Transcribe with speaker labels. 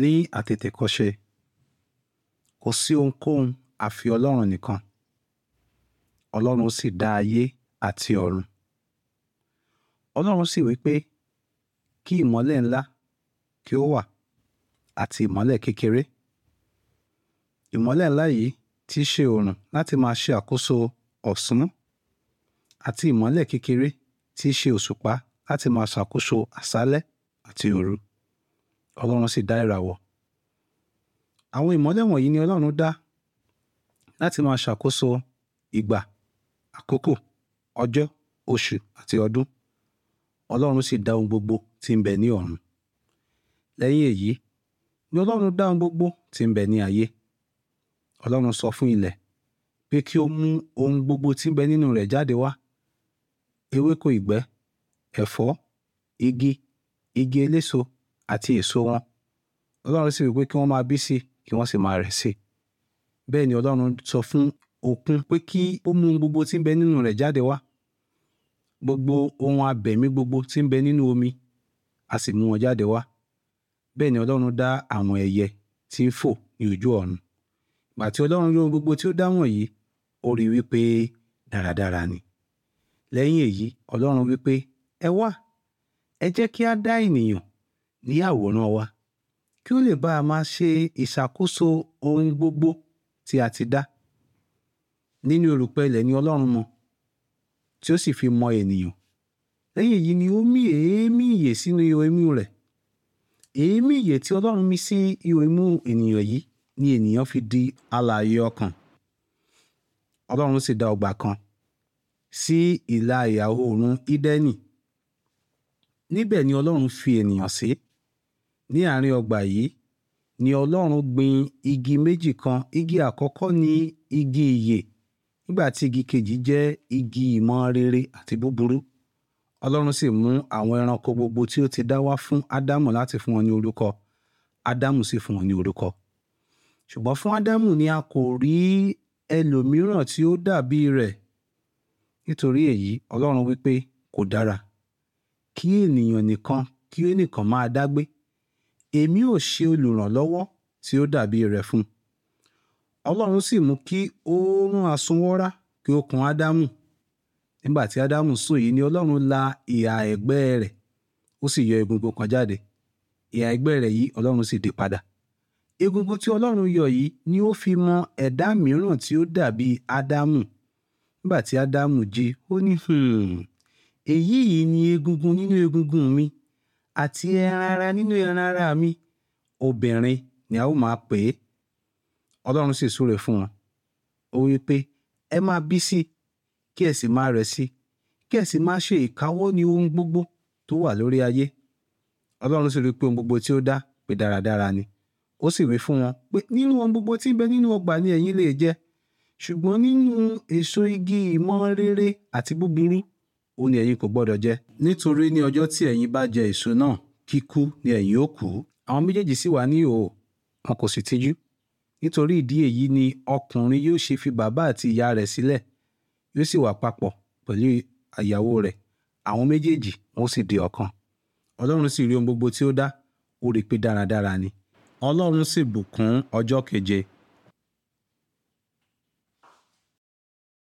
Speaker 1: ní àtètèkọ́ṣe kò sí ohunkóhun àfi ọlọ́run nìkan ọlọ́run sì dá ayé àti ọ̀run ọlọ́run sì wí pé kí ìmọ́lẹ̀ ńlá kí ó wà àti ìmọ́lẹ̀ kékeré ìmọ́lẹ̀ ńlá yìí ti ṣe òòrùn láti máa ṣe àkóso ọ̀sán àti ìmọ́lẹ̀ kékeré tí í ṣe òṣùpá láti máa ṣàkóso àṣálẹ́ àti òru. Ọlọ́run sì dá ìràwọ̀. Àwọn ìmọ́lẹ̀ wọ̀nyí ni Ọlọ́run dá láti máa ṣàkóso ìgbà, àkókò, ọjọ́, oṣù àti ọdún. Ọlọ́run sì dá ohun gbogbo tí ń bẹ ní ọ̀run. Lẹ́yìn èyí ni Ọlọ́run dá ohun gbogbo tí ń bẹ ní ayé. Ọlọ́run sọ fún ilẹ̀ pé kí ó mú ohun gbogbo tí ń bẹ nínú rẹ̀ jáde wá, ewéko ìgbẹ́, ẹ̀fọ́, igi, igi eléso àti èso wọn ọlọ́run sì wí pé kí wọ́n máa bí sí kí wọ́n sì máa rẹ̀ sí bẹ́ẹ̀ ni ọlọ́run sọ fún òkun pé kí ó mú gbogbo tí ń bẹ nínú rẹ̀ jáde wá gbogbo ohun abẹ̀mí gbogbo tí ń bẹ nínú omi a sì mú wọn jáde wá bẹ́ẹ̀ ni ọlọ́run dá àwọn ẹyẹ tí ń fò ní ojú ọ̀run àti ọlọ́run rí gbogbo tí ó dá wọ̀nyí ó rí wípé dáradára ni lẹ́yìn èyí ọlọ́run wípé ẹ wá ẹ jẹ́ kí a dá ènìyàn ní àwòrán wa kí ó lè bá a máa ṣe ìṣàkóso ohun gbogbo tí a ti dá nínú erùpẹ̀ ilẹ̀ ni ọlọ́run mọ tí ó sì fi mọ ènìyàn lẹ́yìn èyí ni ó mí èémí ìyè sínú ihò imú rẹ̀ èémí ìyè tí ọlọ́run mí sí ihò imú ènìyàn yìí ni ènìyàn fi di alààyè ọkàn ọlọ́run sì dá ọgbà kan sí ìlà ìhà oòrùn ídẹ́nì níbẹ̀ ni ọlọ́run fi ènìyàn sí ní àárín ọgbà yìí ni ọlọ́run gbin igi méjì kan igi àkọ́kọ́ ni igi ìyè nígbà tí igi kejì jẹ́ igi ìmọ̀ rere àti búburú ọlọ́run sì mú àwọn ẹranko gbogbo tí ó ti dá wá fún ádámù láti fún wọn ní orúkọ ádámù sì fún wọn ní orúkọ ṣùgbọ́n fún ádámù ni a kò rí ẹlòmíràn tí ó dàbí rẹ̀ nítorí èyí ọlọ́run wípé kò dára kí ènìyàn nìkan kí ó nìkan máa dágbé èmi ò ṣe olùrànlọ́wọ́ tí ó dàbí rẹ̀ fún un ọlọ́run sì mú kí oorun àsùnwọ́ra kí ó kun ádámù nígbà tí ádámù sùn yìí ni ọlọ́run la ìhà ẹ̀gbẹ́ rẹ̀ ó sì yọ egungun kan jáde ìhà ẹ̀gbẹ́ rẹ̀ yìí ọlọ́run sì dé padà egungun tí ọlọ́run yọ yìí ni ó fi mọ ẹ̀dá mìíràn tí ó dàbí ádámù nígbà tí ádámù jí ó ní hmm, èyí yìí ni egungun nínú egungun mi àti ẹran ara nínú ẹran ara mi obìnrin ni a ó máa pè é ọlọ́run sì súre fún wọn ó wí pé ẹ máa bí sí kí ẹ sì máa rẹ̀ sí kí ẹ sì máa ṣe ìkáwọ́ ní ohun gbogbo tó wà lórí ayé ọlọ́run sì rí pé ohun gbogbo tí ó dá pé dáradára ni ó sì wí fún wọn pé nínú ohun gbogbo tí ń bẹ nínú ọgbà ni ẹ̀yin lè jẹ ṣùgbọ́n nínú èso igi ìmọ̀ rere àti búburú ó ní ẹ̀yin kò gbọ́dọ̀ jẹ nítorí ní ọjọ́ tí ẹ̀yin bá jẹ èso náà kíkú ni ẹ̀yin ó kú àwọn méjèèjì sì wà ní ìhòòhò wọn kò sì tijú nítorí ìdí èyí ni ọkùnrin yóò ṣe fi bàbá àti ìyá rẹ̀ sílẹ̀ yóò sì wà papọ̀ pẹ̀lú ìyàwó rẹ̀ àwọn méjèèjì wọn sì di ọ̀kan ọlọ́run sì rí ohun gbogbo tí ó dá ó rí i pé dáradára ni ọlọ́run sì bùkún ọjọ́ keje